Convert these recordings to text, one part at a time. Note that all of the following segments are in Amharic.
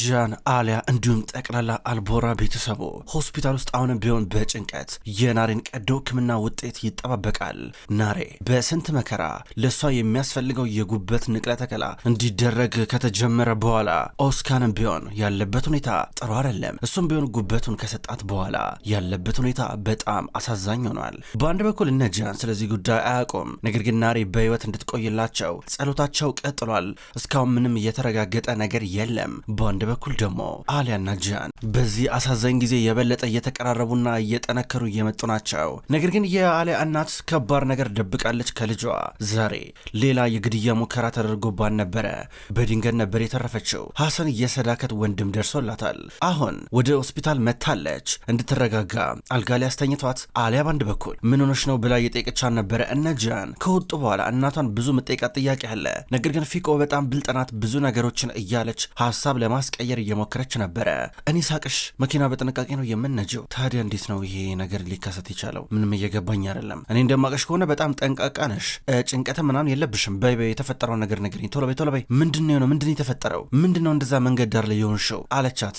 ጃን አሊያ እንዲሁም ጠቅላላ አልቦራ ቤተሰቡ ሆስፒታል ውስጥ አሁንም ቢሆን በጭንቀት የናሬን ቀዶ ሕክምና ውጤት ይጠባበቃል። ናሬ በስንት መከራ ለእሷ የሚያስፈልገው የጉበት ንቅለ ተከላ እንዲደረግ ከተጀመረ በኋላ ኦስካንም ቢሆን ያለበት ሁኔታ ጥሩ አይደለም። እሱም ቢሆን ጉበቱን ከሰጣት በኋላ ያለበት ሁኔታ በጣም አሳዛኝ ሆኗል። በአንድ በኩል እነ ጃን ስለዚህ ጉዳይ አያውቁም። ነገር ግን ናሬ በህይወት እንድትቆይላቸው ጸሎታቸው ቀጥሏል። እስካሁን ምንም የተረጋገጠ ነገር የለም። በአንድ በኩል ደግሞ አሊያና ጂያን በዚህ አሳዛኝ ጊዜ የበለጠ እየተቀራረቡና እየጠነከሩ እየመጡ ናቸው። ነገር ግን የአሊያ እናት ከባድ ነገር ደብቃለች ከልጇ። ዛሬ ሌላ የግድያ ሙከራ ተደርጎባን ነበረ። በድንገት ነበር የተረፈችው። ሐሰን የሰዳከት ወንድም ደርሶላታል። አሁን ወደ ሆስፒታል መታለች። እንድትረጋጋ አልጋ ላይ አስተኝቷት፣ አሊያ በአንድ በኩል ምን ነው ብላ የጠየቀቻን ነበረ። እነ ጂያን ከወጡ በኋላ እናቷን ብዙ መጠየቃት ጥያቄ አለ። ነገር ግን ፊቆ በጣም ብልጥ ብዙ ነገሮችን እያለች ሀሳብ ለማ ለማስቀየር እየሞከረች ነበረ። እኔ ሳቅሽ መኪና በጥንቃቄ ነው የምነጀው። ታዲያ እንዴት ነው ይሄ ነገር ሊከሰት የቻለው? ምንም እየገባኝ አይደለም። እኔ እንደማቀሽ ከሆነ በጣም ጠንቃቃ ነሽ፣ ጭንቀት ምናምን የለብሽም። በይ በይ የተፈጠረውን ነገር ንገሪኝ፣ ቶሎ በይ ቶሎ በይ። ምንድን ነው ምንድን የተፈጠረው? ምንድን ነው እንደዛ መንገድ ዳር ላይ የሆንሽው? አለቻት።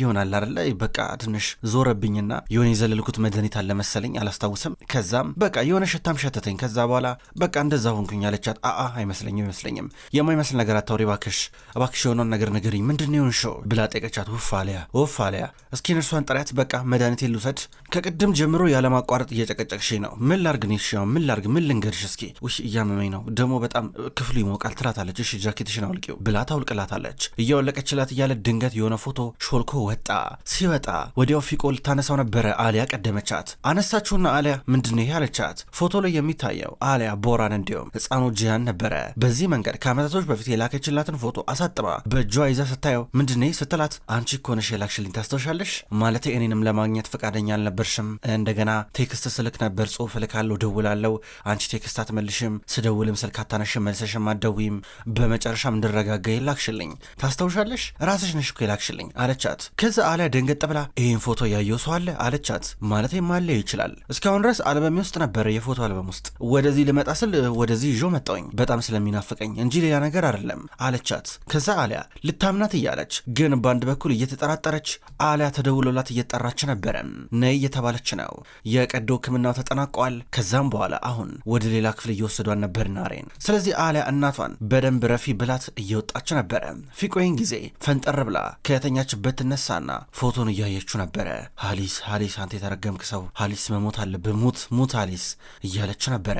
ይሆናል አይደለ በቃ ትንሽ ዞረብኝና የሆነ የዘለልኩት መድኃኒት አለ መሰለኝ አላስታውስም። ከዛም በቃ የሆነ ሽታም ሸተተኝ። ከዛ በኋላ በቃ እንደዛ ሆንኩኝ አለቻት። አ አይመስለኝም አይመስለኝም የማይመስል ነገር አታውሪ እባክሽ፣ እባክሽ የሆነውን ነገር ንገሪኝ። ምንድን ነው ሹንሾ ብላ ጠየቀቻት። ውፍ አለያ ውፍ አለያ፣ እስኪ ነርሷን ጥሪያት። በቃ መድኃኒቴን ልውሰድ። ከቅድም ጀምሮ ያለማቋረጥ እየጨቀጨቅሽ ነው። ምን ላርግ ነው ምን ላርግ? ምን ልንገርሽ? እስኪ ውሽ እያመመኝ ነው ደግሞ በጣም ክፍሉ ይሞቃል ትላታለች። እሺ ጃኬትሽን አውልቂው ብላ ታውልቅላታለች። እያወለቀችላት እያለ ድንገት የሆነ ፎቶ ሾልኮ ወጣ። ሲወጣ ወዲያው ፊቆ ልታነሳው ነበረ። አሊያ ቀደመቻት። አነሳችሁና አሊያ ምንድን ይሄ አለቻት። ፎቶ ላይ የሚታየው አሊያ ቦራን እንዲሁም ህፃኑ ጂያን ነበረ። በዚህ መንገድ ከዓመታቶች በፊት የላከችላትን ፎቶ አሳጥባ በእጇ ይዛ ስታየው ምንድነ ስትላት አንቺ እኮ ነሽ የላክሽልኝ ታስታውሻለሽ? ማለት እኔንም ለማግኘት ፈቃደኛ አልነበርሽም። እንደገና ቴክስት ስልክ ነበር ጽሁፍ እልካለሁ፣ ደውላለሁ፣ አንቺ ቴክስት አትመልሽም፣ ስደውልም ስልክ አታነሽም፣ መልሰሽም አደዊም በመጨረሻም እንድረጋጋ የላክሽልኝ ታስታውሻለሽ? ራስሽ ነሽ እኮ የላክሽልኝ አለቻት። ከዚ አሊያ ደንገጥ ብላ ይህን ፎቶ ያየው ሰው አለ አለቻት። ማለት ማለየው ይችላል። እስካሁን ድረስ አልበሜ ውስጥ ነበረ የፎቶ አልበም ውስጥ። ወደዚህ ልመጣ ስል ወደዚህ ይዞ መጣውኝ በጣም ስለሚናፍቀኝ እንጂ ሌላ ነገር አይደለም አለቻት። ከዛ አሊያ ልታምናት እያለች ነበረች። ግን በአንድ በኩል እየተጠራጠረች አሊያ ተደውሎላት እየጠራች ነበረ። ነይ እየተባለች ነው። የቀዶ ሕክምናው ተጠናቋል። ከዛም በኋላ አሁን ወደ ሌላ ክፍል እየወሰዷን ነበር ናሬን። ስለዚህ አሊያ እናቷን በደንብ ረፊ ብላት እየወጣች ነበረ። ፊቆይን ጊዜ ፈንጠር ብላ ከተኛችበት ትነሳና ፎቶን እያየችው ነበረ። ሀሊስ ሀሊስ፣ አንተ የተረገምክ ሰው ሀሊስ መሞት አለብህ፣ ሙት ሙት ሀሊስ እያለች ነበረ።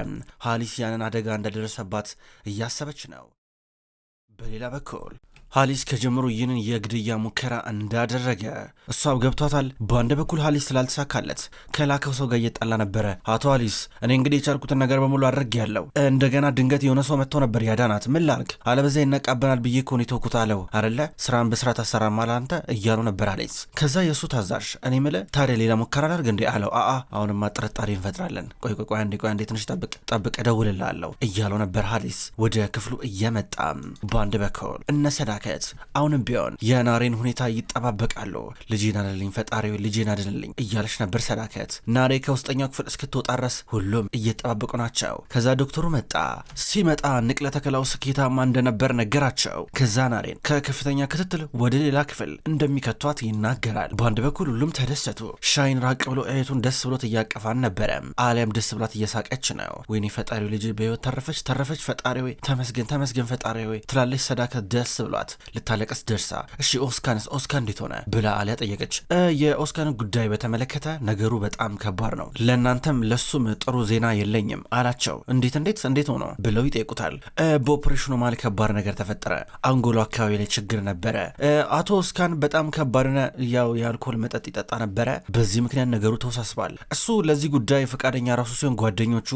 ሀሊስ ያንን አደጋ እንደደረሰባት እያሰበች ነው። በሌላ በኩል ሀሊስ ከጀምሮ ይህንን የግድያ ሙከራ እንዳደረገ እሷም ገብቷታል። በአንድ በኩል ሀሊስ ስላልተሳካለት ከላከው ሰው ጋር እየጣላ ነበረ። አቶ ሀሊስ እኔ እንግዲህ የቻልኩትን ነገር በሙሉ ያለው እንደገና ድንገት የሆነ ሰው መጥቶ ነበር ያዳናት። ምን ላልክ አለበዛ ይነቃበናል ብዬ እኮ የተውኩት አለው። አደለ ስራን በስራ ታሰራማ ላንተ እያሉ ነበር ሀሊስ። ከዛ የእሱ ታዛዥ እኔ ምለ ታዲያ ሌላ ሙከራ ላርግ እንዴ አለው። አአ አሁንማ ጥርጣሬ እንፈጥራለን። ቆይ ቆይ ቆይ አንዴ ቆይ አንዴ ትንሽ ጠብቅ ጠብቅ፣ እደውልልሃለሁ እያለው ነበር ሀሊስ ወደ ክፍሉ እየመጣ በአንድ በኩል እነሰዳ አመለካከት አሁንም ቢሆን የናሬን ሁኔታ ይጠባበቃሉ። ልጄን አደልኝ ፈጣሪ ልጄን አደልኝ እያለች ነበር ሰዳከት። ናሬ ከውስጠኛው ክፍል እስክትወጣ ድረስ ሁሉም እየጠባበቁ ናቸው። ከዛ ዶክተሩ መጣ። ሲመጣ ንቅለ ተከላው ስኬታማ እንደነበር ነገራቸው። ከዛ ናሬን ከከፍተኛ ክትትል ወደ ሌላ ክፍል እንደሚከቷት ይናገራል። በአንድ በኩል ሁሉም ተደሰቱ። ሻይን ራቅ ብሎ እህቱን ደስ ብሎት እያቀፋን ነበረ። አሊያም ደስ ብላት እየሳቀች ነው። ወይኔ ፈጣሪ ልጅ በህይወት ተረፈች ተረፈች፣ ፈጣሪ ተመስገን ተመስገን፣ ፈጣሪ ትላለች ሰዳከት ደስ ብሏት። አስጨነቃት። ልታለቀስ ደርሳ እሺ ኦስካንስ ኦስካ እንዴት ሆነ ብላ አሊያ ጠየቀች። የኦስካን ጉዳይ በተመለከተ ነገሩ በጣም ከባድ ነው፣ ለእናንተም ለሱም ጥሩ ዜና የለኝም አላቸው። እንዴት እንዴት እንዴት ሆኖ ብለው ይጠይቁታል። በኦፕሬሽኑ ማል ከባድ ነገር ተፈጠረ። አንጎሎ አካባቢ ላይ ችግር ነበረ። አቶ ኦስካን በጣም ከባድ ያው የአልኮል መጠጥ ይጠጣ ነበረ። በዚህ ምክንያት ነገሩ ተወሳስቧል። እሱ ለዚህ ጉዳይ ፈቃደኛ ራሱ ሲሆን ጓደኞቹ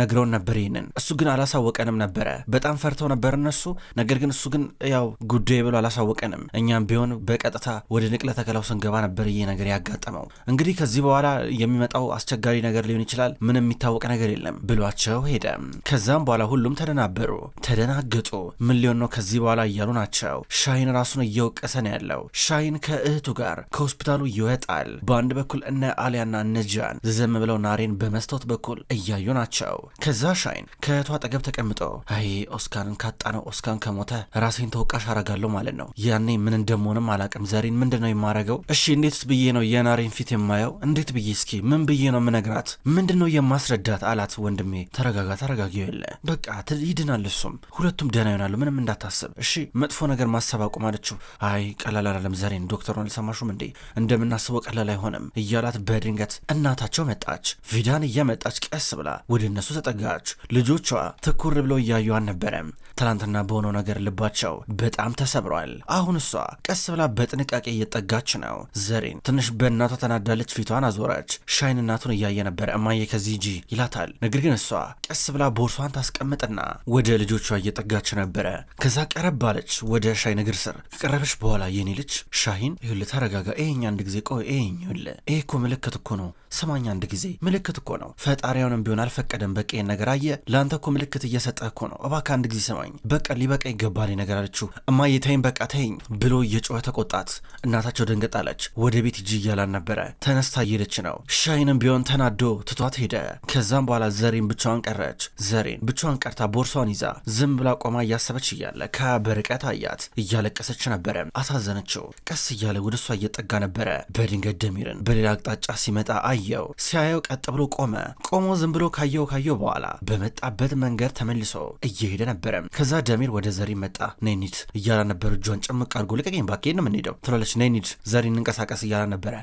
ነግረውን ነበር። ይህንን እሱ ግን አላሳወቀንም ነበረ። በጣም ፈርተው ነበር እነሱ። ነገር ግን እሱ ግን ያው የመጨረሻው ጉዳይ ብሎ አላሳወቀንም። እኛም ቢሆን በቀጥታ ወደ ንቅለ ተከላው ስንገባ ነበር ይህ ነገር ያጋጠመው። እንግዲህ ከዚህ በኋላ የሚመጣው አስቸጋሪ ነገር ሊሆን ይችላል፣ ምንም የሚታወቅ ነገር የለም ብሏቸው ሄደ። ከዛም በኋላ ሁሉም ተደናበሩ፣ ተደናገጡ። ምን ሊሆን ነው ከዚህ በኋላ እያሉ ናቸው። ሻይን ራሱን እየወቀሰ ነው ያለው። ሻይን ከእህቱ ጋር ከሆስፒታሉ ይወጣል። በአንድ በኩል እነ አሊያና እነ ጃን ዝም ብለው ናሬን በመስታወት በኩል እያዩ ናቸው። ከዛ ሻይን ከእህቱ አጠገብ ተቀምጦ አይ ኦስካንን ካጣነው ኦስካን ከሞተ ራሴን ተወቀ ተወቃሽ አረጋለሁ ማለት ነው። ያኔ ምን እንደምሆንም አላቅም። ዘሬን ምንድን ነው የማረገው? እሺ እንዴትስ ብዬ ነው የናሬን ፊት የማየው? እንዴት ብዬ እስኪ ምን ብዬ ነው ምነግራት? ምንድን ነው የማስረዳት? አላት ወንድሜ። ተረጋጋ ተረጋጊ የለ በቃ ይድናል። እሱም ሁለቱም ደህና ይሆናሉ። ምንም እንዳታስብ እሺ። መጥፎ ነገር ማሰብ አቁም አለችው። አይ ቀላል አላለም ዘሬን። ዶክተሩን አልሰማሹም እንዴ? እንደምናስበው ቀላል አይሆንም እያላት በድንገት እናታቸው መጣች። ቪዳን እየመጣች ቀስ ብላ ወደ እነሱ ተጠጋች። ልጆቿ ትኩር ብለው እያዩ አልነበረም። ትናንትና በሆነው ነገር ልባቸው በጣም ተሰብሯል። አሁን እሷ ቀስ ብላ በጥንቃቄ እየጠጋች ነው። ዘሬን ትንሽ በእናቷ ተናዳለች፣ ፊቷን አዞረች። ሻይን እናቱን እያየ ነበር። እማዬ ከዚህ እጂ ይላታል። ነገር ግን እሷ ቀስ ብላ ቦርሷን ታስቀምጥና ወደ ልጆቿ እየጠጋች ነበረ። ከዛ ቀረብ አለች ወደ ሻይን እግር ስር። ከቀረበች በኋላ የኔ ልጅ ሻይን፣ ይኸውልህ፣ ተረጋጋ። ይሄኛ አንድ ጊዜ ቆይ፣ ይኸኝ ይኸውልህ፣ ይሄ እኮ ምልክት እኮ ነው ሰማኝ አንድ ጊዜ ምልክት እኮ ነው። ፈጣሪያውንም ቢሆን አልፈቀደም። በቃ ይህን ነገር አየ ለአንተ እኮ ምልክት እየሰጠ እኮ ነው። እባክህ አንድ ጊዜ ሰማኝ። በቃ ሊበቃ ይገባል ነገር አለችው። እማዬ ተይኝ፣ በቃ ተይኝ ብሎ እየጮኸ ተቆጣት። እናታቸው ደንገጣለች። ወደ ቤት እጅ እያላን ነበረ። ተነስታ እየሄደች ነው። ሻይንም ቢሆን ተናዶ ትቷት ሄደ። ከዛም በኋላ ዘሬን ብቻዋን ቀረች። ዘሬን ብቻዋን ቀርታ ቦርሷን ይዛ ዝም ብላ ቆማ እያሰበች እያለ ከበርቀት አያት። እያለቀሰች ነበረ። አሳዘነችው። ቀስ እያለ ወደ እሷ እየጠጋ ነበረ። በድንገት ደሚርን በሌላ አቅጣጫ ሲመጣ አይ አየው። ሲያየው ቀጥ ብሎ ቆመ። ቆሞ ዝም ብሎ ካየው ካየው በኋላ በመጣበት መንገድ ተመልሶ እየሄደ ነበረም። ከዛ ደሚር ወደ ዘሪን መጣ። ነኒት እያላ ነበር። እጇን ጭምቅ አድርጎ ልቀቀኝ ባኬ ነው የምንሄደው ትላለች። ነኒት ዘሪን እንንቀሳቀስ እያላ ነበረ።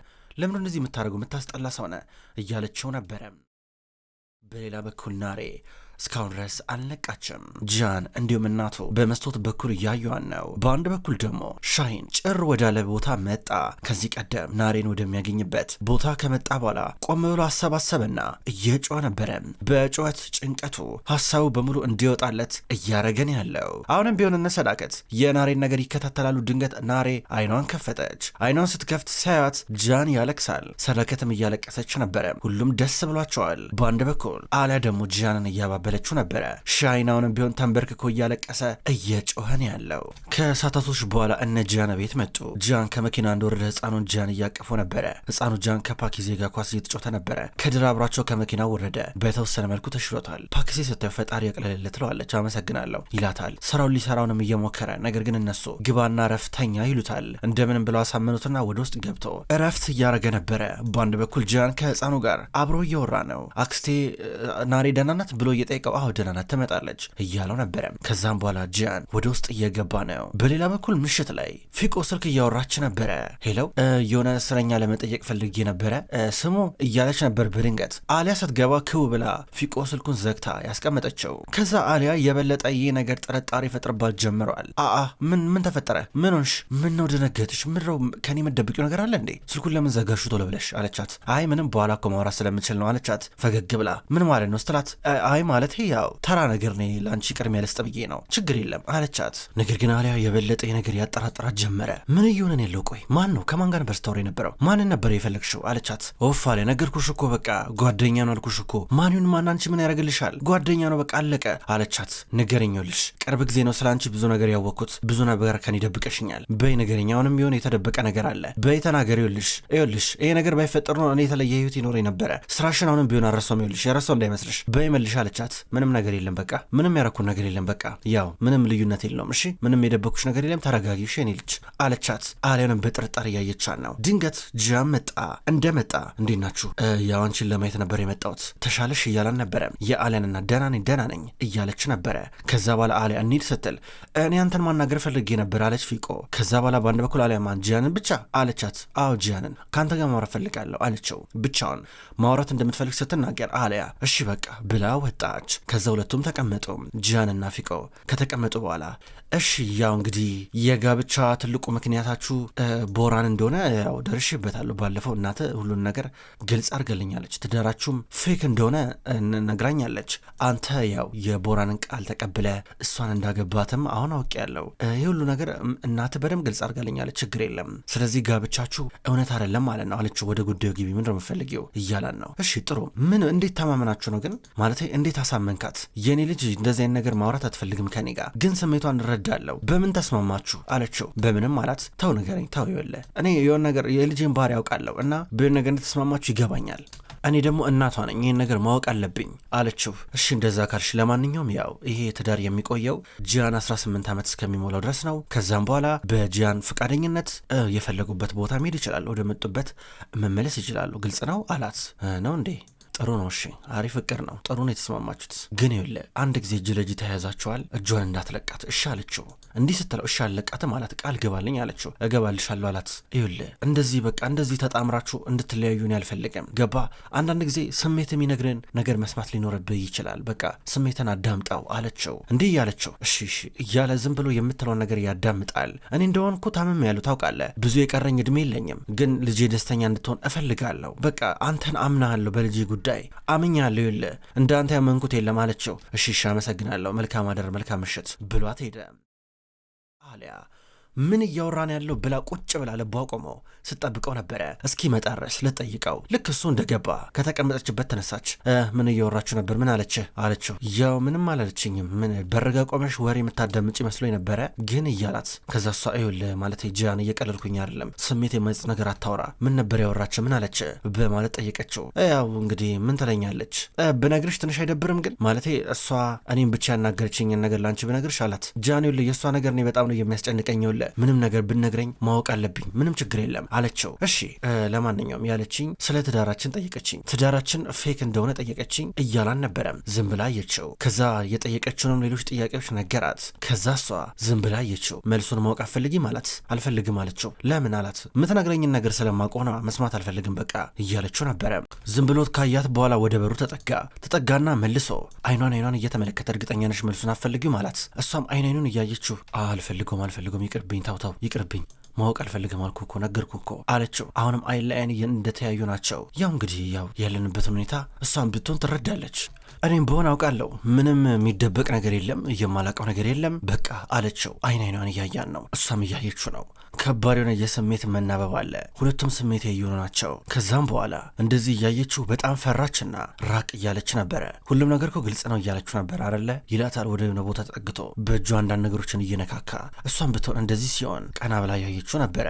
ለምን እንደዚህ የምታደርገው የምታስጠላ ሰውነ እያለችው ነበረ። በሌላ በኩል ናሬ እስካሁን ድረስ አልነቃችም። ጃን እንዲሁም እናቱ በመስቶት በኩል እያዩዋን ነው። በአንድ በኩል ደግሞ ሻሂን ጭር ወዳለ ቦታ መጣ። ከዚህ ቀደም ናሬን ወደሚያገኝበት ቦታ ከመጣ በኋላ ቆም ብሎ አሰባሰበና እየጮ ነበረ። በጩኸት ጭንቀቱ ሀሳቡ በሙሉ እንዲወጣለት እያረገን ያለው አሁንም ቢሆን እነ ሰዳከት የናሬን ነገር ይከታተላሉ። ድንገት ናሬ አይኗን ከፈተች። አይኗን ስትከፍት ሳያት ጃን ያለቅሳል። ሰዳከትም እያለቀሰች ነበረ። ሁሉም ደስ ብሏቸዋል። በአንድ በኩል አሊያ ደግሞ ጃንን እያባበ እየተቀበለችው ነበረ። ሻይናውንም ቢሆን ተንበርክኮ እያለቀሰ እየጮኸን ያለው። ከሳታቶች በኋላ እነ ጃን ቤት መጡ። ጃን ከመኪና እንደወረደ ህፃኑን ጃን እያቀፎ ነበረ። ህፃኑ ጃን ከፓኪዜ ጋር ኳስ እየተጫወተ ነበረ። ከድር አብሯቸው ከመኪና ወረደ። በተወሰነ መልኩ ተሽሎታል። ፓኪዜ ስታዩ ፈጣሪ ያቅልልል ትለዋለች። አመሰግናለሁ ይላታል። ስራውን ሊሰራውንም እየሞከረ ነገር ግን እነሱ ግባና ረፍተኛ ይሉታል። እንደምንም ብለው አሳመኑትና ወደ ውስጥ ገብቶ እረፍት እያደረገ ነበረ። በአንድ በኩል ጃን ከህፃኑ ጋር አብሮ እያወራ ነው። አክስቴ ናሬ ደህና ናት ብሎ እየጠየቀ ሲጠይቀው አዎ ደህና ናት ትመጣለች እያለው ነበረ። ከዛም በኋላ ጂያን ወደ ውስጥ እየገባ ነው። በሌላ በኩል ምሽት ላይ ፊቆ ስልክ እያወራች ነበረ። ሄለው የሆነ እስረኛ ለመጠየቅ ፈልጌ ነበረ ስሙ እያለች ነበር። በድንገት አሊያ ስትገባ ክው ብላ ፊቆ ስልኩን ዘግታ ያስቀመጠችው። ከዛ አሊያ የበለጠ ይህ ነገር ጥርጣሬ ይፈጥርባት ጀምረዋል። አአ ምን ምን ተፈጠረ? ምን ሆንሽ? ምን ነው ደነገጥሽ? ምን ነው ከኔ መደብቂው ነገር አለ እንዴ? ስልኩን ለምን ዘጋሹ ቶሎ ብለሽ አለቻት። አይ ምንም በኋላ እኮ ማውራት ስለምችል ነው አለቻት ፈገግ ብላ። ምን ማለት ነው ስትላት አይ ማለት ያው ተራ ነገር ነ ለአንቺ ቅድሚያ ልስጥ ብዬ ነው ችግር የለም አለቻት። ነገር ግን አሊያ የበለጠ ነገር ያጠራጠራት ጀመረ። ምን እየሆነን ያለው ቆይ ማን ነው ከማን ጋር በስታወር የነበረው ማንን ነበር የፈለግሽው አለቻት። ኦፍ አለ ነገርኩሽ እኮ በቃ ጓደኛ ነው አልኩሽ እኮ ማንን ማን አንቺ ምን ያደርግልሻል ጓደኛ ነው በቃ አለቀ አለቻት። ንገረኛልሽ ቅርብ ጊዜ ነው ስለ አንቺ ብዙ ነገር ያወቅኩት ብዙ ነገር ከን ይደብቀሽኛል በይ ነገረኛ ቢሆን የተደበቀ ነገር አለ በይ ተናገር ይልሽ ይልሽ ይሄ ነገር ባይፈጠር ነው እኔ የተለየ ህይወት ይኖረኝ ነበረ ስራሽን አሁንም ቢሆን አረሰው ይልሽ የረሰው እንዳይመስልሽ በይ መልሽ አለቻት ናት። ምንም ነገር የለም በቃ ምንም ያረኩን ነገር የለም በቃ ያው ምንም ልዩነት የለውም። እሺ ምንም የደበኩሽ ነገር የለም። ተረጋጊ እሺ የኔ ልጅ አለቻት። አሊያንም በጥርጣሬ እያየቻት ነው። ድንገት ጃም መጣ። እንደመጣ እንዴት ናችሁ? ያው አንቺን ለማየት ነበር የመጣሁት ተሻለሽ እያላን ነበረ። የአሊያንና ደህና ነኝ ደህና ነኝ እያለች ነበረ። ከዛ በኋላ አሊያ እንሂድ ስትል እኔ አንተን ማናገር ፈልጌ ነበር አለች ፊቆ። ከዛ በኋላ በአንድ በኩል አሊያ ማን ጂያንን ብቻ አለቻት። አዎ ጂያንን ከአንተ ጋር ማውራት ፈልጋለሁ አለችው። ብቻውን ማውራት እንደምትፈልግ ስትናገር አሊያ እሺ በቃ ብላ ወጣ። ተጠራች። ከዛ ሁለቱም ተቀመጡ፣ ጂያንና ፊቆ። ከተቀመጡ በኋላ እሺ፣ ያው እንግዲህ የጋብቻ ትልቁ ምክንያታችሁ ቦራን እንደሆነ ያው ደርሼበታለሁ። ባለፈው እናተ ሁሉን ነገር ግልጽ አድርገልኛለች። ትዳራችሁም ፌክ እንደሆነ ነግራኛለች። አንተ ያው የቦራንን ቃል ተቀብለ እሷን እንዳገባትም አሁን አውቄያለሁ። ይህ ሁሉ ነገር እናተ በደንብ ግልጽ አድርጋልኛለች። ችግር የለም። ስለዚህ ጋብቻችሁ እውነት አይደለም ማለት ነው አለችው። ወደ ጉዳዩ ግቢ፣ ምንድን ነው የምፈልጊው እያላን ነው። እሺ ጥሩ ምን እንዴት ተማመናችሁ ነው ግን ማለት እንዴት አሳመንካት። የኔ ልጅ እንደዚህ አይነት ነገር ማውራት አትፈልግም ከኔ ጋር ግን ስሜቷን እረዳለሁ። በምን ተስማማችሁ አለችው። በምንም አላት። ተው ንገረኝ፣ ተው ይወለ እኔ የሆን ነገር የልጅን ባህሪ ያውቃለሁ እና ብን ነገር እንደተስማማችሁ ይገባኛል። እኔ ደግሞ እናቷ ነኝ፣ ይህን ነገር ማወቅ አለብኝ አለችው። እሺ እንደዛ ካልሽ፣ ለማንኛውም ያው ይሄ ትዳር የሚቆየው ጂያን 18 ዓመት እስከሚሞላው ድረስ ነው። ከዛም በኋላ በጂያን ፈቃደኝነት የፈለጉበት ቦታ መሄድ ይችላሉ፣ ወደ መጡበት መመለስ ይችላሉ። ግልጽ ነው አላት። ነው እንዴ ጥሩ ነው። እሺ አሪፍ ፍቅር ነው። ጥሩ ነው የተስማማችሁት። ግን ይለ አንድ ጊዜ እጅ ለእጅ ተያያዛችኋል። እጇን እንዳትለቃት እሺ አለችው። እንዲህ ስትለው እሺ አልለቃትም አላት። ቃል ገባልኝ አለችው። እገባልሻለሁ አላት። ይለ እንደዚህ በቃ እንደዚህ ተጣምራችሁ እንድትለያዩን ያልፈለገም ገባ። አንዳንድ ጊዜ ስሜት የሚነግርን ነገር መስማት ሊኖርብህ ይችላል። በቃ ስሜትን አዳምጠው አለችው። እንዲህ እያለችው እሺ እሺ እያለ ዝም ብሎ የምትለውን ነገር ያዳምጣል። እኔ እንደሆንኩ ታምም ያሉ ታውቃለህ። ብዙ የቀረኝ እድሜ የለኝም፣ ግን ልጄ ደስተኛ እንድትሆን እፈልጋለሁ። በቃ አንተን አምናሃለሁ በልጄ ጉዳይ ጉዳይ አምኛለሁ የለ እንዳንተ ያመንኩት የለም አለችው። እሺ እሺ አመሰግናለሁ መልካም አደር መልካም ምሽት ብሏት ሄደ አሊያ ምን እያወራን ያለው ብላ ቁጭ ብላ ልቧ ቆሞ ስጠብቀው ነበረ። እስኪ ድረስ ልጠይቀው። ልክ እሱ እንደገባ ከተቀመጠችበት ተነሳች። ምን እያወራችሁ ነበር? ምን አለች አለችው። ያው ምንም አላለችኝም። ምን በርጋ ቆመሽ ወሬ የምታዳምጭ መስሎ ነበረ ግን እያላት ከዛ እሷ ይኸውልህ ማለት ጃን እየቀለልኩኝ አይደለም፣ ስሜት የመጽ ነገር አታውራ። ምን ነበር ያወራች? ምን አለች? በማለት ጠየቀችው። ያው እንግዲህ ምን ትለኛለች ብነግርሽ ትንሽ አይደብርም? ግን ማለቴ እሷ እኔም ብቻ ያናገረችኝን ነገር ላንቺ ብነግርሽ አላት። ጃን ይኸውልህ የእሷ ነገር እኔ በጣም ነው የሚያስጨንቀኝ አለ። ምንም ነገር ብነግረኝ ማወቅ አለብኝ። ምንም ችግር የለም አለችው። እሺ ለማንኛውም ያለችኝ ስለ ትዳራችን ጠየቀችኝ። ትዳራችን ፌክ እንደሆነ ጠየቀችኝ እያላን አልነበረም። ዝም ብላ አየችው። ከዛ የጠየቀችውንም ሌሎች ጥያቄዎች ነገራት። ከዛ እሷ ዝም ብላ አየችው። መልሱን ማወቅ አትፈልጊም አላት። አልፈልግም አለችው። ለምን አላት። የምትነግረኝን ነገር ስለማቆና መስማት አልፈልግም በቃ እያለችው ነበረ። ዝም ብሎት ካያት በኋላ ወደ በሩ ተጠጋ። ተጠጋና መልሶ አይኗን አይኗን እየተመለከተ እርግጠኛ ነሽ መልሱን አትፈልጊም አላት። እሷም አይን አይኑን እያየችው አልፈልገውም አልፈልገውም ይቅር ይቅርብኝ፣ ታውታው ይቅርብኝ ማወቅ አልፈልግም አልኩ እኮ ነገርኩ እኮ አለችው። አሁንም አይን ለአይን እንደተያዩ ናቸው። ያው እንግዲህ ያው ያለንበትን ሁኔታ እሷን ብትሆን ትረዳለች። እኔም በሆን አውቃለሁ። ምንም የሚደበቅ ነገር የለም፣ የማላውቀው ነገር የለም በቃ አለችው። አይን አይኗን እያያን ነው፣ እሷም እያየችው ነው። ከባድ የሆነ የስሜት መናበብ አለ። ሁለቱም ስሜት የየሆኑ ናቸው። ከዛም በኋላ እንደዚህ እያየችው በጣም ፈራችና ራቅ እያለች ነበረ። ሁሉም ነገር እኮ ግልጽ ነው እያለችው ነበር አለ ይላታል። ወደ የሆነ ቦታ ተጠግቶ በእጁ አንዳንድ ነገሮችን እየነካካ እሷም ብትሆን እንደዚህ ሲሆን ቀና ብላ እያየችው ነበረ።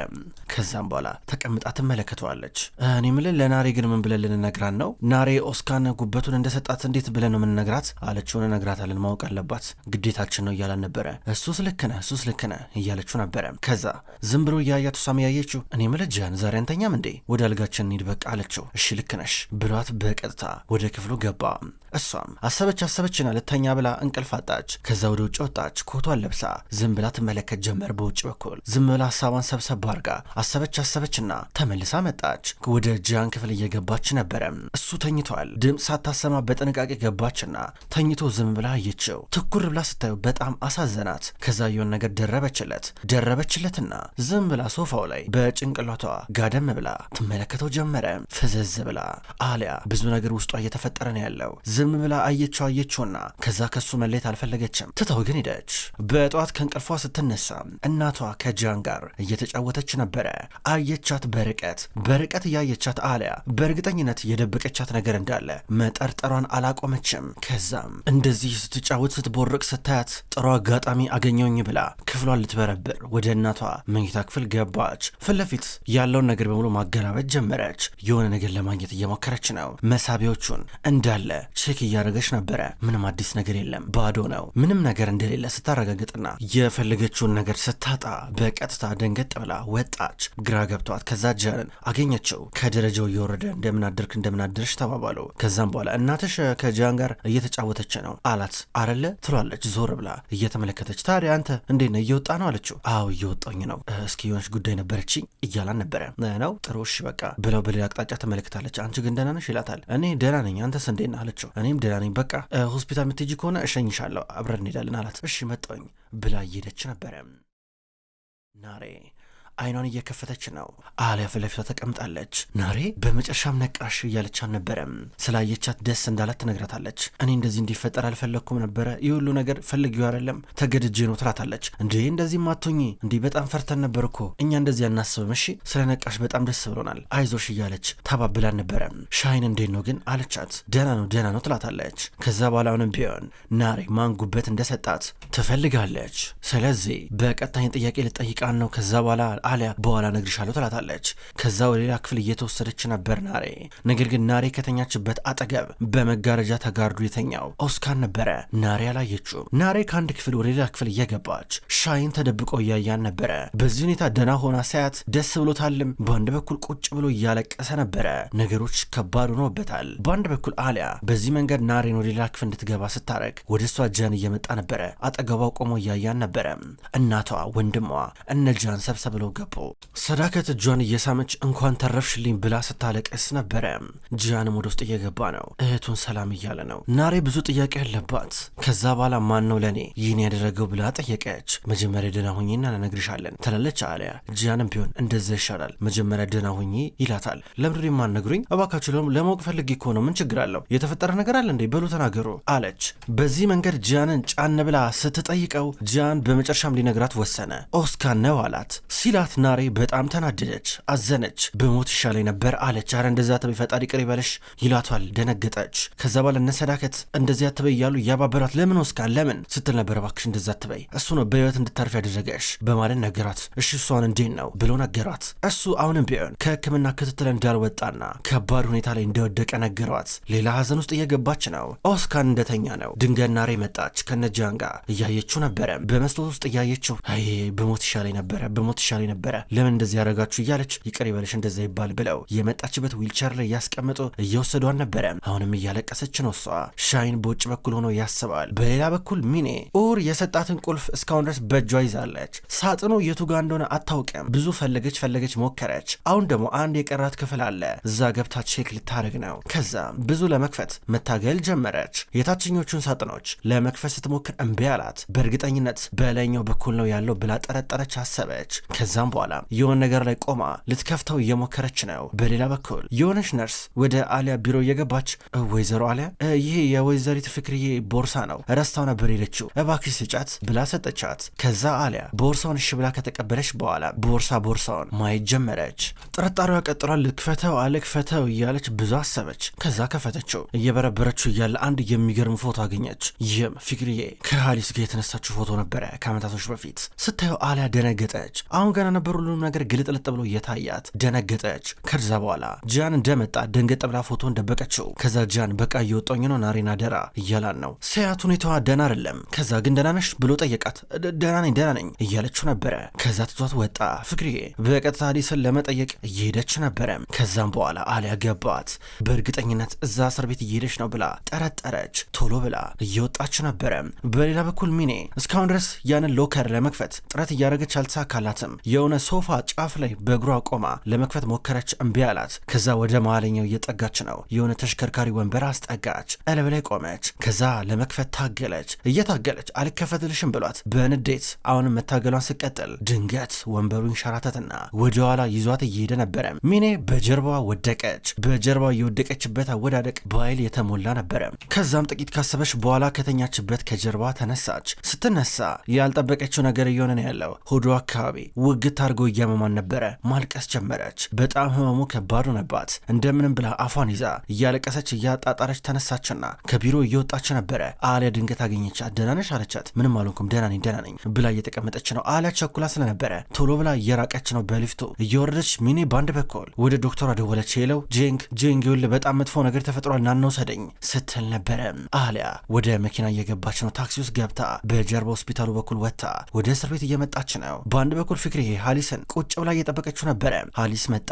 ከዛም በኋላ ተቀምጣ ትመለከተዋለች። እኔ ምልን ለናሬ ግን ምን ብለን ልንነግራን ነው? ናሬ ኦስካን ጉበቱን እንደሰጣት እንዴት ብለን ነው የምንነግራት አለችውን እነግራታለን። ማወቅ አለባት ግዴታችን ነው እያላን ነበረ። እሱስ ልክ ነህ፣ እሱስ ልክ ነህ እያለችው ነበረ። ከዛ ዝም ብሎ እያያት እሷም ያየችው እኔ ምለጃን ዛሬ አንተኛም እንዴ ወደ አልጋችን እንሂድ በቃ አለችው። እሺ ልክ ነሽ ብሏት በቀጥታ ወደ ክፍሉ ገባ። እሷም አሰበች አሰበችና ልተኛ ብላ እንቅልፍ አጣች። ከዛ ወደ ውጭ ወጣች። ኮቷን ለብሳ ዝም ብላ ትመለከት ጀመር በውጭ በኩል ዝም ብላ ሀሳቧን ሰብሰብ አድርጋ አሰበች አሰበችና ተመልሳ መጣች። ወደ ጃን ክፍል እየገባች ነበረ። እሱ ተኝቷል። ድምፅ ሳታሰማ በጥንቃቄ ገባችና ተኝቶ ዝም ብላ አየችው። ትኩር ብላ ስታዩ በጣም አሳዘናት። ከዛ የሆን ነገር ደረበችለት። ደረበችለትና ዝም ብላ ሶፋው ላይ በጭንቅላቷ ጋደም ብላ ትመለከተው ጀመረ። ፈዘዝ ብላ አሊያ ብዙ ነገር ውስጧ እየተፈጠረ ነው ያለው። ዝም ብላ አየችው አየችውና ከዛ ከሱ መለየት አልፈለገችም። ትታው ግን ሄደች። በጠዋት ከእንቅልፏ ስትነሳ እናቷ ከጃን ጋር እየተጫወተች ነበረ። አየቻት በርቀት በርቀት እያየቻት አሊያ በእርግጠኝነት የደበቀቻት ነገር እንዳለ መጠርጠሯን አላቆመች አልቻለችም። ከዛም እንደዚህ ስትጫወት ስትቦርቅ ስታያት ጥሩ አጋጣሚ አገኘውኝ ብላ ክፍሏን ልትበረብር ወደ እናቷ መኝታ ክፍል ገባች። ፊት ለፊት ያለውን ነገር በሙሉ ማገላበጥ ጀመረች። የሆነ ነገር ለማግኘት እየሞከረች ነው። መሳቢያዎቹን እንዳለ ቼክ እያደረገች ነበረ። ምንም አዲስ ነገር የለም፣ ባዶ ነው። ምንም ነገር እንደሌለ ስታረጋግጥና የፈለገችውን ነገር ስታጣ በቀጥታ ደንገጥ ብላ ወጣች። ግራ ገብቷት ከዛ ጃንን አገኘችው። ከደረጃው እየወረደ እንደምናደርክ እንደምናደርሽ ተባባሉ። ከዛም በኋላ እናትሽ ከጃ ከዚያን ጋር እየተጫወተች ነው አላት። አረለ ትሏለች ዞር ብላ እየተመለከተች። ታዲያ አንተ እንዴት ነህ እየወጣ ነው አለችው። አዎ እየወጣኝ ነው፣ እስኪ የሆነች ጉዳይ ነበረችኝ እያላን ነበረ ነው። ጥሩሽ በቃ ብለው በሌላ አቅጣጫ ተመለክታለች። አንቺ ግን ደህና ነሽ ይላታል። እኔ ደህና ነኝ፣ አንተስ እንዴት ነህ አለችው። እኔም ደህና ነኝ፣ በቃ ሆስፒታል የምትሄጂ ከሆነ እሸኝሻለሁ፣ አብረን እንሄዳለን አላት። እሺ መጣሁኝ ብላ እየሄደች ነበረ ናሬ አይኗን እየከፈተች ነው። አሊያ ፊት ለፊቷ ተቀምጣለች። ናሬ በመጨረሻም ነቃሽ እያለች አልነበረም። ስላየቻት ደስ እንዳላት ትነግራታለች። እኔ እንደዚህ እንዲፈጠር አልፈለግኩም ነበረ። ይህ ሁሉ ነገር ፈልጊው አይደለም ተገድጄ ነው ትላታለች። እንዴ እንደዚህ አቶኝ እንዲህ በጣም ፈርተን ነበር እኮ እኛ እንደዚህ አናስብም። እሺ ስለ ነቃሽ በጣም ደስ ብሎናል። አይዞሽ እያለች ታባብላ ነበረ። ሻይን እንዴት ነው ግን አለቻት። ደህና ነው ደህና ነው ትላታለች። ከዛ በኋላ አሁንም ቢሆን ናሬ ማንጉበት እንደሰጣት ትፈልጋለች። ስለዚህ በቀጣኝ ጥያቄ ልጠይቃን ነው ከዛ በኋላ አሊያ በኋላ እነግርሻለሁ ትላታለች። ከዛ ወደ ሌላ ክፍል እየተወሰደች ነበር ናሬ። ነገር ግን ናሬ ከተኛችበት አጠገብ በመጋረጃ ተጋርዶ የተኛው ኦስካን ነበረ። ናሬ አላየችውም። ናሬ ከአንድ ክፍል ወደ ሌላ ክፍል እየገባች ሻይን ተደብቆ እያያን ነበረ። በዚህ ሁኔታ ደና ሆና ሳያት ደስ ብሎታልም። በአንድ በኩል ቁጭ ብሎ እያለቀሰ ነበረ። ነገሮች ከባድ ሆኖበታል። በአንድ በኩል አሊያ በዚህ መንገድ ናሬን ወደ ሌላ ክፍል እንድትገባ ስታረግ ወደ እሷ ጃን እየመጣ ነበረ። አጠገቧ ቆሞ እያያን ነበረ። እናቷ ወንድሟ እነ ጃን ሰብሰብ ብለው ገቡ። ሰዳከት እጇን እየሳመች እንኳን ተረፍሽልኝ ብላ ስታለቀስ ነበረ። ጂያንም ወደ ውስጥ እየገባ ነው። እህቱን ሰላም እያለ ነው። ናሬ ብዙ ጥያቄ አለባት። ከዛ በኋላ ማን ነው ለእኔ ይህን ያደረገው ብላ ጠየቀች። መጀመሪያ ደህና ሁኚና እነግርሻለን ትላለች አሊያ። ጂያንም ቢሆን እንደዛ ይሻላል፣ መጀመሪያ ደህና ሁኚ ይላታል። ለምንድን የማትነግሩኝ እባካችሁ? ለማወቅ ፈልጌ እኮ ነው። ምን ችግር አለው? የተፈጠረ ነገር አለ እንዴ? በሉ ተናገሩ አለች። በዚህ መንገድ ጂያንን ጫን ብላ ስትጠይቀው ጂያን በመጨረሻም ሊነግራት ወሰነ። ኦስካን ነው አላት ሲላ ሲላት ናሬ በጣም ተናደደች፣ አዘነች። በሞት ይሻለኝ ነበር አለች። አረ እንደዛ አትበይ ፈጣሪ ቅር ይበለሽ ይላቷል። ደነገጠች። ከዛ ባለ ነሰዳከት እንደዚያ አትበይ እያሉ እያባበራት ለምን ወስካን ለምን ስትል ነበር። እባክሽ እንደዛ አትበይ እሱ ነው በህይወት እንድታርፍ ያደረገሽ በማለት ነገራት። እሺ እሷን እንዴት ነው ብሎ ነገሯት። እሱ አሁንም ቢሆን ከህክምና ክትትል እንዳልወጣና ከባድ ሁኔታ ላይ እንደወደቀ ነገሯት። ሌላ ሀዘን ውስጥ እየገባች ነው። ኦስካን እንደተኛ ነው ድንገት ናሬ መጣች ከነጃንጋ እያየችው ነበረ። በመስታወት ውስጥ እያየችው አይ በሞት ይሻለኝ ነበረ በሞት ይሻለኝ ነበረ ለምን እንደዚህ ያደረጋችሁ እያለች ይቅር ይበልሽ እንደዛ ይባል ብለው የመጣችበት ዊልቸር ላይ ያስቀመጡ እየወሰዷን ነበረ። አሁንም እያለቀሰች ነው እሷ። ሻይን በውጭ በኩል ሆኖ ያስባል። በሌላ በኩል ሚኔ ኡር የሰጣትን ቁልፍ እስካሁን ድረስ በእጇ ይዛለች። ሳጥኑ የቱጋ እንደሆነ አታውቅም። ብዙ ፈለገች ፈለገች ሞከረች። አሁን ደግሞ አንድ የቀራት ክፍል አለ። እዛ ገብታ ቼክ ልታደርግ ነው። ከዛ ብዙ ለመክፈት መታገል ጀመረች። የታችኞቹን ሳጥኖች ለመክፈት ስትሞክር እምቢ አላት። በእርግጠኝነት በላይኛው በኩል ነው ያለው ብላ ጠረጠረች፣ አሰበች። ከዛ ከዛም በኋላ የሆነ ነገር ላይ ቆማ ልትከፍተው እየሞከረች ነው። በሌላ በኩል የሆነች ነርስ ወደ አሊያ ቢሮ እየገባች ወይዘሮ አሊያ ይሄ የወይዘሪት ፍክርዬ ቦርሳ ነው ረስታው ነበር ሄደችው እባክሽ ስጫት ብላ ሰጠቻት። ከዛ አሊያ ቦርሳውን እሺ ብላ ከተቀበለች በኋላ ቦርሳ ቦርሳውን ማየት ጀመረች። ጥርጣሬዋ ቀጥሏል። ልክፈተው አልክፈተው እያለች ብዙ አሰበች። ከዛ ከፈተችው። እየበረበረችው እያለ አንድ የሚገርም ፎቶ አገኘች። ይህም ፍክርዬ ከሃሊስ ጋር የተነሳችው ፎቶ ነበረ ከአመታቶች በፊት። ስታየው አሊያ ደነገጠች። አሁን ገና ነበር ሁሉንም ነገር ግልጥልጥ ብሎ እየታያት ደነገጠች። ከዛ በኋላ ጃን እንደመጣ ደንገጥ ብላ ፎቶን ደበቀችው። ከዛ ጃን በቃ እየወጣኝ ነው ናሬና ደራ እያላን ነው ሲያት ሁኔታዋ ደና አይደለም። ከዛ ግን ደና ነሽ ብሎ ጠየቃት። ደና ነኝ ደና ነኝ እያለችው ነበረ። ከዛ ትቷት ወጣ። ፍቅርዬ በቀጥታ አዲስን ለመጠየቅ እየሄደች ነበረ። ከዛም በኋላ አሊያ ገባት። በእርግጠኝነት እዛ እስር ቤት እየሄደች ነው ብላ ጠረጠረች። ቶሎ ብላ እየወጣች ነበረ። በሌላ በኩል ሚኔ እስካሁን ድረስ ያንን ሎከር ለመክፈት ጥረት እያደረገች አልተሳካላትም። የሆነ ሶፋ ጫፍ ላይ በእግሯ ቆማ ለመክፈት ሞከረች፣ እምቢ አላት። ከዛ ወደ መሀለኛው እየጠጋች ነው። የሆነ ተሽከርካሪ ወንበር አስጠጋች። ቀለብ ላይ ቆመች። ከዛ ለመክፈት ታገለች። እየታገለች አልከፈትልሽም ብሏት በንዴት አሁንም መታገሏን ስቀጥል ድንገት ወንበሩ ይንሸራተትና ወደኋላ ይዟት እየሄደ ነበረ። ሚኔ በጀርባዋ ወደቀች። በጀርባዋ የወደቀችበት አወዳደቅ በኃይል የተሞላ ነበረ። ከዛም ጥቂት ካሰበች በኋላ ከተኛችበት ከጀርባ ተነሳች። ስትነሳ ያልጠበቀችው ነገር እየሆነ ነው ያለው። ሆዶ አካባቢ ውግ እንድታርገው እያመማን ነበረ። ማልቀስ ጀመረች። በጣም ህመሙ ከባድ ሆነባት። እንደምንም ብላ አፏን ይዛ እያለቀሰች እያጣጣረች ተነሳችና ከቢሮ እየወጣች ነበረ። አሊያ ድንገት አገኘቻት። ደህና ነሽ አለቻት። ምንም አልሆንኩም ደህና ነኝ ደህና ነኝ ብላ እየተቀመጠች ነው። አሊያ ቸኩላ ስለነበረ ቶሎ ብላ እየራቀች ነው። በሊፍቱ እየወረደች ሚኔ በአንድ በኩል ወደ ዶክተሯ ደወለች። ሄለው ጄንግ ጄንግ ይውል በጣም መጥፎ ነገር ተፈጥሯል ናና ስትል ነበረ። አሊያ ወደ መኪና እየገባች ነው። ታክሲ ውስጥ ገብታ በጀርባ ሆስፒታሉ በኩል ወጥታ ወደ እስር ቤት እየመጣች ነው። በአንድ በኩል ፍቅር ሀሊስን ቁጭ ብላ እየጠበቀችው ነበረ። ሀሊስ መጣ።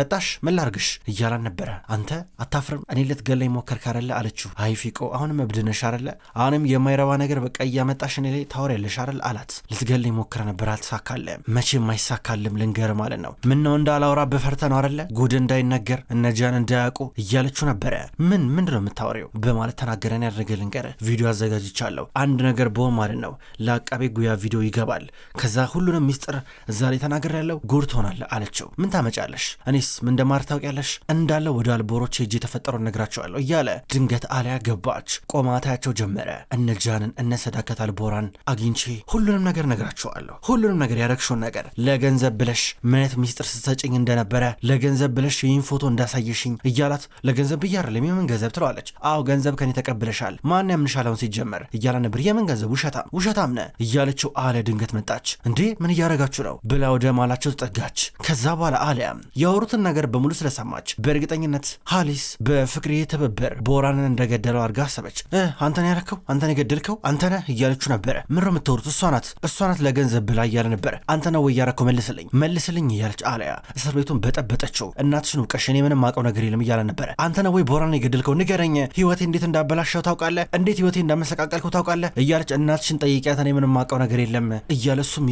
መጣሽ ምን ላርግሽ እያላን ነበረ። አንተ አታፍርም? እኔ ልትገለኝ ሞከር ካረለ አለችው። አይ ፊቆ አሁንም እብድነሽ አረለ አሁንም የማይረባ ነገር በቃ እያመጣሽ እኔ ላይ ታወሪያለሽ አረል አላት። ልትገለኝ ሞከረ ነበር አልተሳካለም። መቼም አይሳካልም ልንገር ማለት ነው። ምን ነው እንዳላውራ በፈርተ ነው አረለ ጉድ እንዳይነገር እነጃን እንዳያውቁ እያለችው ነበረ። ምን ምንድን ነው የምታወሪው በማለት ተናገረን። ያደረገ ልንገር ቪዲዮ አዘጋጅቻለሁ። አንድ ነገር በሆን ማለት ነው ለአቃቤ ጉያ ቪዲዮ ይገባል። ከዛ ሁሉንም ሚስጥር እዛ ዛሬ ተናገር ያለው ጉድ ትሆናለህ አለችው። ምን ታመጫለሽ? እኔስ ምን እንደማር ታውቂያለሽ? እንዳለ ወደ አልቦሮች ሄጄ የተፈጠረውን ነግራቸዋለሁ እያለ ድንገት አሊያ ገባች። ቆማ ታያቸው ጀመረ። እነ ጃንን እነ ሰዳከት አልቦራን አግኝቼ ሁሉንም ነገር ነግራቸዋለሁ። ሁሉንም ነገር ያረግሽውን ነገር ለገንዘብ ብለሽ ምነት ሚስጥር ስትሰጭኝ እንደነበረ ለገንዘብ ብለሽ ይህን ፎቶ እንዳሳየሽኝ እያላት ለገንዘብ ብያር አይደለም የምን ገንዘብ ትለዋለች። አዎ ገንዘብ ከኔ ተቀብለሻል፣ ማን ያምንሻለውን ሲጀመር እያላ ነበር። የምን ገንዘብ ውሸታም፣ ውሸታም ነ እያለችው አለ ድንገት መጣች። እንዴ ምን እያረጋችሁ ነው? ብላ ወደ ማላቸው ተጠጋች። ከዛ በኋላ አሊያ ያወሩትን ነገር በሙሉ ስለሰማች በእርግጠኝነት ሀሊስ በፍቅር የተበበረ ቦራንን እንደገደለው አድርጋ አሰበች። አንተን ያረከው አንተን የገደልከው አንተነ እያለችው ነበረ። ምሮ የምትወሩት እሷ ናት እሷ ናት ለገንዘብ ብላ እያለ ነበረ። አንተነ ወይ ያረከው መልስልኝ፣ መልስልኝ እያለች አሊያ እስር ቤቱን በጠበጠችው። እናትሽን ውቀሽ እኔ ምንም አውቀው ነገር የለም እያለ ነበረ። አንተነ ወይ ቦራን የገደልከው ንገረኝ፣ ህይወቴ እንዴት እንዳበላሸው ታውቃለህ፣ እንዴት ህይወቴ እንዳመሰቃቀልከው ታውቃለህ እያለች እናትሽን ጠይቂያት፣ እኔ ምንም አውቀው ነገር የለም እያለ እሱም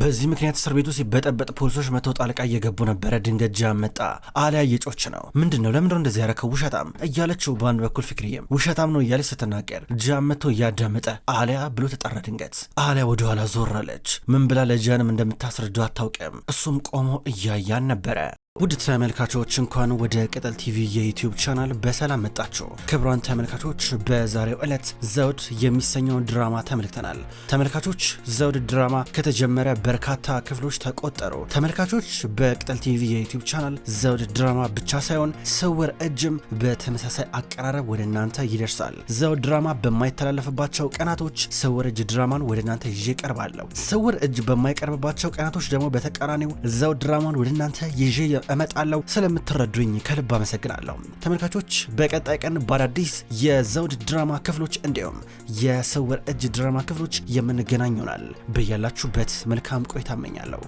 በዚህ ምክንያት እስር ቤቱ ሲበጠበጥ ፖሊሶች መተው ጣልቃ እየገቡ ነበረ። ድንገት ጃን መጣ። አሊያ እየጮች ነው። ምንድን ነው ለምንድነው እንደዚህ ያረከው ውሸታም እያለችው፣ በአንድ በኩል ፍክርዬም ውሸታም ነው እያለች ስትናገር፣ ጃን መጥቶ እያዳመጠ አሊያ ብሎ ተጠራ። ድንገት አሊያ ወደኋላ ዞራለች። ምን ብላ ለጃንም እንደምታስረዳው አታውቅም። እሱም ቆሞ እያያን ነበረ። ውድ ተመልካቾች እንኳን ወደ ቅጠል ቲቪ የዩቲዩብ ቻናል በሰላም መጣችሁ። ክቡራን ተመልካቾች በዛሬው ዕለት ዘውድ የሚሰኘውን ድራማ ተመልክተናል። ተመልካቾች ዘውድ ድራማ ከተጀመረ በርካታ ክፍሎች ተቆጠሩ። ተመልካቾች በቅጠል ቲቪ የዩቲዩብ ቻናል ዘውድ ድራማ ብቻ ሳይሆን ስውር እጅም በተመሳሳይ አቀራረብ ወደ እናንተ ይደርሳል። ዘውድ ድራማ በማይተላለፍባቸው ቀናቶች ስውር እጅ ድራማን ወደ እናንተ ይዤ ቀርባለሁ። ስውር እጅ በማይቀርብባቸው ቀናቶች ደግሞ በተቃራኒው ዘውድ ድራማን ወደ እናንተ ይዤ እመጣለሁ። ስለምትረዱኝ ከልብ አመሰግናለሁ። ተመልካቾች በቀጣይ ቀን በአዳዲስ የዘውድ ድራማ ክፍሎች እንዲሁም የስውር እጅ ድራማ ክፍሎች የምንገናኝ ይሆናል። በያላችሁበት መልካም ቆይታ እመኛለሁ።